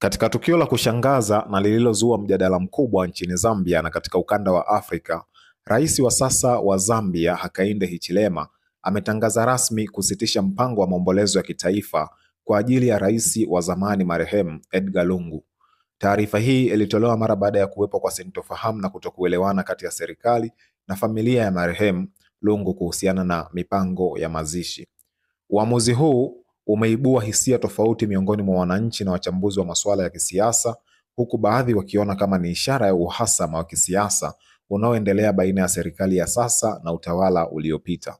Katika tukio la kushangaza na lililozua mjadala mkubwa nchini Zambia na katika ukanda wa Afrika, rais wa sasa wa Zambia Hakainde Hichilema ametangaza rasmi kusitisha mpango wa maombolezo ya kitaifa kwa ajili ya rais wa zamani marehemu Edgar Lungu. Taarifa hii ilitolewa mara baada ya kuwepo kwa sintofahamu na kutokuelewana kati ya serikali na familia ya marehemu Lungu kuhusiana na mipango ya mazishi. Uamuzi huu umeibua hisia tofauti miongoni mwa wananchi na wachambuzi wa masuala ya kisiasa, huku baadhi wakiona kama ni ishara ya uhasama wa kisiasa unaoendelea baina ya serikali ya sasa na utawala uliopita.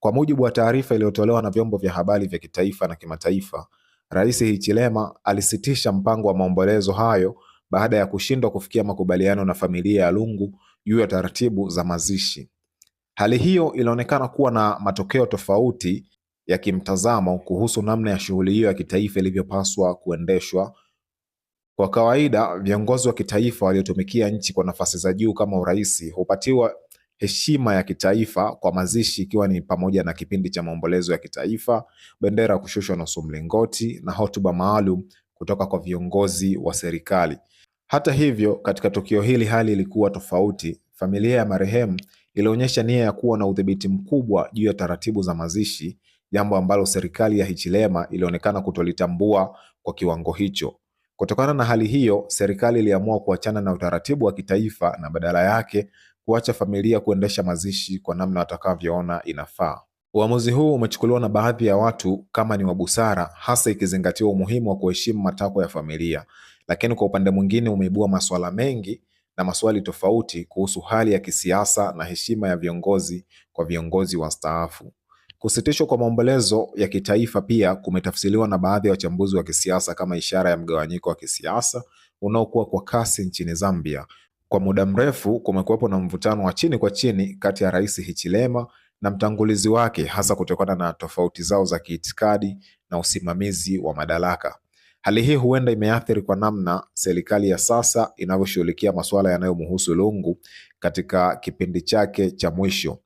Kwa mujibu wa taarifa iliyotolewa na vyombo vya habari vya kitaifa na kimataifa, Rais Hichilema alisitisha mpango wa maombolezo hayo baada ya kushindwa kufikia makubaliano na familia ya Lungu juu ya taratibu za mazishi. Hali hiyo ilionekana kuwa na matokeo tofauti ya kimtazamo kuhusu namna ya shughuli hiyo ya kitaifa ilivyopaswa kuendeshwa. Kwa kawaida, viongozi wa kitaifa waliotumikia nchi kwa nafasi za juu kama urais hupatiwa heshima ya kitaifa kwa mazishi, ikiwa ni pamoja na kipindi cha maombolezo ya kitaifa, bendera kushushwa nusu mlingoti na hotuba maalum kutoka kwa viongozi wa serikali. Hata hivyo, katika tukio hili hali ilikuwa tofauti. Familia ya marehemu ilionyesha nia ya kuwa na udhibiti mkubwa juu ya taratibu za mazishi, jambo ambalo serikali ya Hichilema ilionekana kutolitambua kwa kiwango hicho. Kutokana na hali hiyo, serikali iliamua kuachana na utaratibu wa kitaifa na badala yake kuacha familia kuendesha mazishi kwa namna watakavyoona inafaa. Uamuzi huu umechukuliwa na baadhi ya watu kama ni wa busara, hasa ikizingatiwa umuhimu wa kuheshimu matakwa ya familia, lakini kwa upande mwingine umeibua masuala mengi na maswali tofauti kuhusu hali ya kisiasa na heshima ya viongozi kwa viongozi wastaafu. Kusitishwa kwa maombolezo ya kitaifa pia kumetafsiriwa na baadhi ya wachambuzi wa kisiasa kama ishara ya mgawanyiko wa kisiasa unaokuwa kwa kasi nchini Zambia. Kwa muda mrefu kumekuwepo na mvutano wa chini kwa chini kati ya Rais Hichilema na mtangulizi wake, hasa kutokana na tofauti zao za kiitikadi na usimamizi wa madaraka. Hali hii huenda imeathiri kwa namna serikali ya sasa inavyoshughulikia masuala yanayomhusu Lungu katika kipindi chake cha mwisho.